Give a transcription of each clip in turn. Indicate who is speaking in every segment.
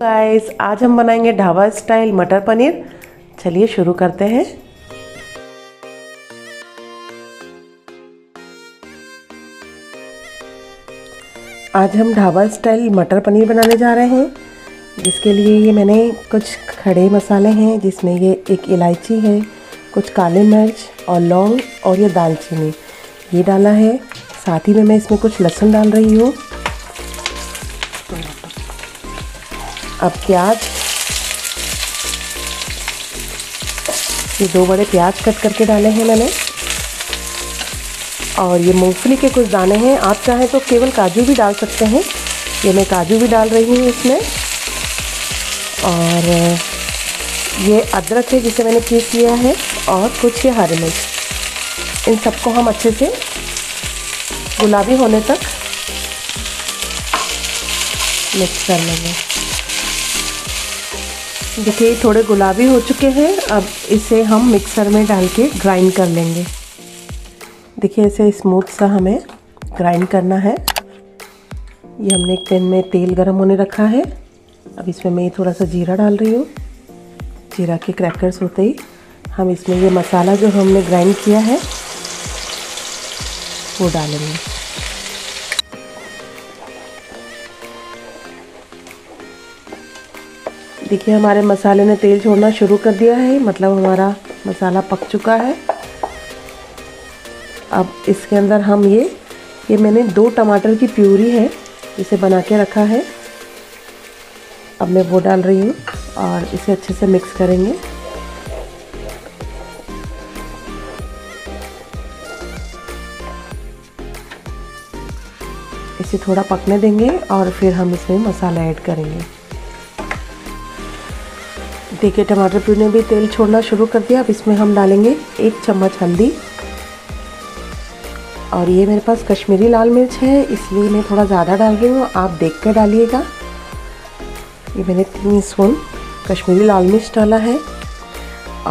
Speaker 1: guys आज हम बनाएंगे ढाबा स्टाइल मटर पनीर चलिए शुरू करते हैं आज हम ढाबा स्टाइल मटर पनीर बनाने जा रहे हैं जिसके लिए ये मैंने कुछ खड़े मसाले हैं जिसमें ये एक इलायची है कुछ काले मिर्च और लौंग और ये दालचीनी ये डाला है साथ ही में मैं इसमें कुछ लहसुन डाल रही हूँ अब प्याज ये दो बड़े प्याज कट करके डाले हैं मैंने और ये मूंगफली के कुछ दाने हैं आप चाहें तो केवल काजू भी डाल सकते हैं ये मैं काजू भी डाल रही हूँ इसमें और ये अदरक है जिसे मैंने पीस लिया है और कुछ ये हरी मिर्च इन सबको हम अच्छे से गुलाबी होने तक मिक्स कर लेंगे देखिए थोड़े गुलाबी हो चुके हैं अब इसे हम मिक्सर में डाल के ग्राइंड कर लेंगे देखिए ऐसे स्मूथ सा हमें ग्राइंड करना है ये हमने एक पैन में तेल गर्म होने रखा है अब इसमें मैं थोड़ा सा जीरा डाल रही हूँ जीरा के क्रैकर्स होते ही हम इसमें ये मसाला जो हमने ग्राइंड किया है वो डालेंगे देखिए हमारे मसाले ने तेल छोड़ना शुरू कर दिया है मतलब हमारा मसाला पक चुका है अब इसके अंदर हम ये ये मैंने दो टमाटर की प्यूरी है इसे बना के रखा है अब मैं वो डाल रही हूँ और इसे अच्छे से मिक्स करेंगे इसे थोड़ा पकने देंगे और फिर हम इसमें मसाला ऐड करेंगे देखिए टमाटर प्यू ने भी तेल छोड़ना शुरू कर दिया अब इसमें हम डालेंगे एक चम्मच हल्दी और ये मेरे पास कश्मीरी लाल मिर्च है इसलिए मैं थोड़ा ज़्यादा डाल रही हूँ आप देख कर डालिएगा ये मैंने तीन स्पून कश्मीरी लाल मिर्च डाला है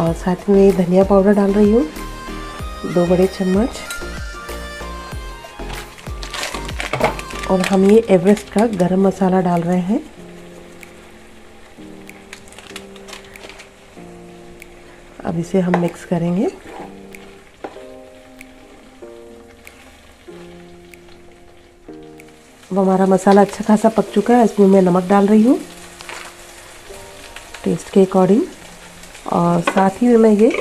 Speaker 1: और साथ में धनिया पाउडर डाल रही हूँ दो बड़े चम्मच और हम ये एवरेस्ट का गरम मसाला डाल रहे हैं अब इसे हम मिक्स करेंगे अब हमारा मसाला अच्छा खासा पक चुका है इसमें मैं नमक डाल रही हूँ टेस्ट के अकॉर्डिंग और साथ ही में मैं ये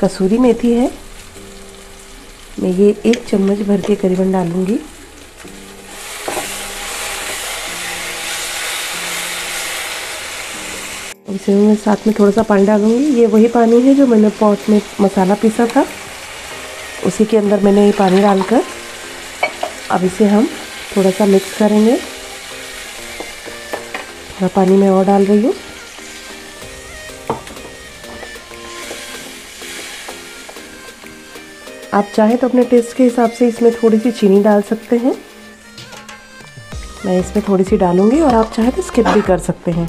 Speaker 1: कसूरी मेथी है मैं ये एक चम्मच भर के करीबन डालूँगी इसमें मैं साथ में थोड़ा सा पानी डालूँगी ये वही पानी है जो मैंने पॉट में मसाला पीसा था उसी के अंदर मैंने ये पानी डालकर अब इसे हम थोड़ा सा मिक्स करेंगे थोड़ा पानी मैं और डाल रही हूँ आप चाहें तो अपने टेस्ट के हिसाब से इसमें थोड़ी सी चीनी डाल सकते हैं मैं इसमें थोड़ी सी डालूंगी और आप चाहें तो स्किप भी कर सकते हैं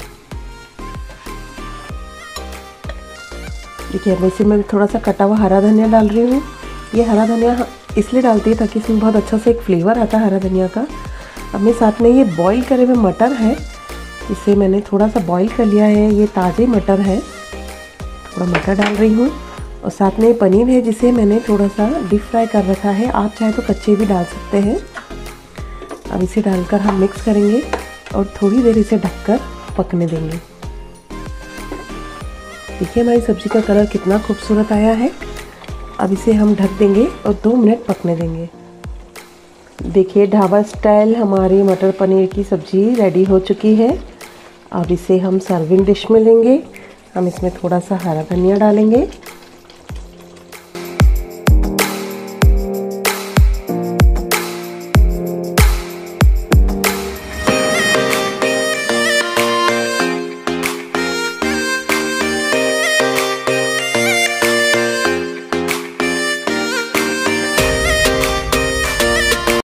Speaker 1: देखिए अब इसी में थोड़ा सा कटा हुआ हरा धनिया डाल रही हूँ ये हरा धनिया हाँ, इसलिए डालती है ताकि इसमें बहुत अच्छा सा एक फ्लेवर आता है हरा धनिया का अब मेरे साथ में ये बॉईल करे हुए मटर है इसे मैंने थोड़ा सा बॉईल कर लिया है ये ताज़े मटर है थोड़ा मटर डाल रही हूँ और साथ में पनीर है जिसे मैंने थोड़ा सा डीप फ्राई कर रखा है आप चाहे तो कच्चे भी डाल सकते हैं अब इसे डालकर हम मिक्स करेंगे और थोड़ी देर इसे ढककर पकने देंगे देखिए हमारी सब्ज़ी का कलर कितना खूबसूरत आया है अब इसे हम ढक देंगे और दो मिनट पकने देंगे देखिए ढाबा स्टाइल हमारी मटर पनीर की सब्ज़ी रेडी हो चुकी है अब इसे हम सर्विंग डिश में लेंगे हम इसमें थोड़ा सा हरा धनिया डालेंगे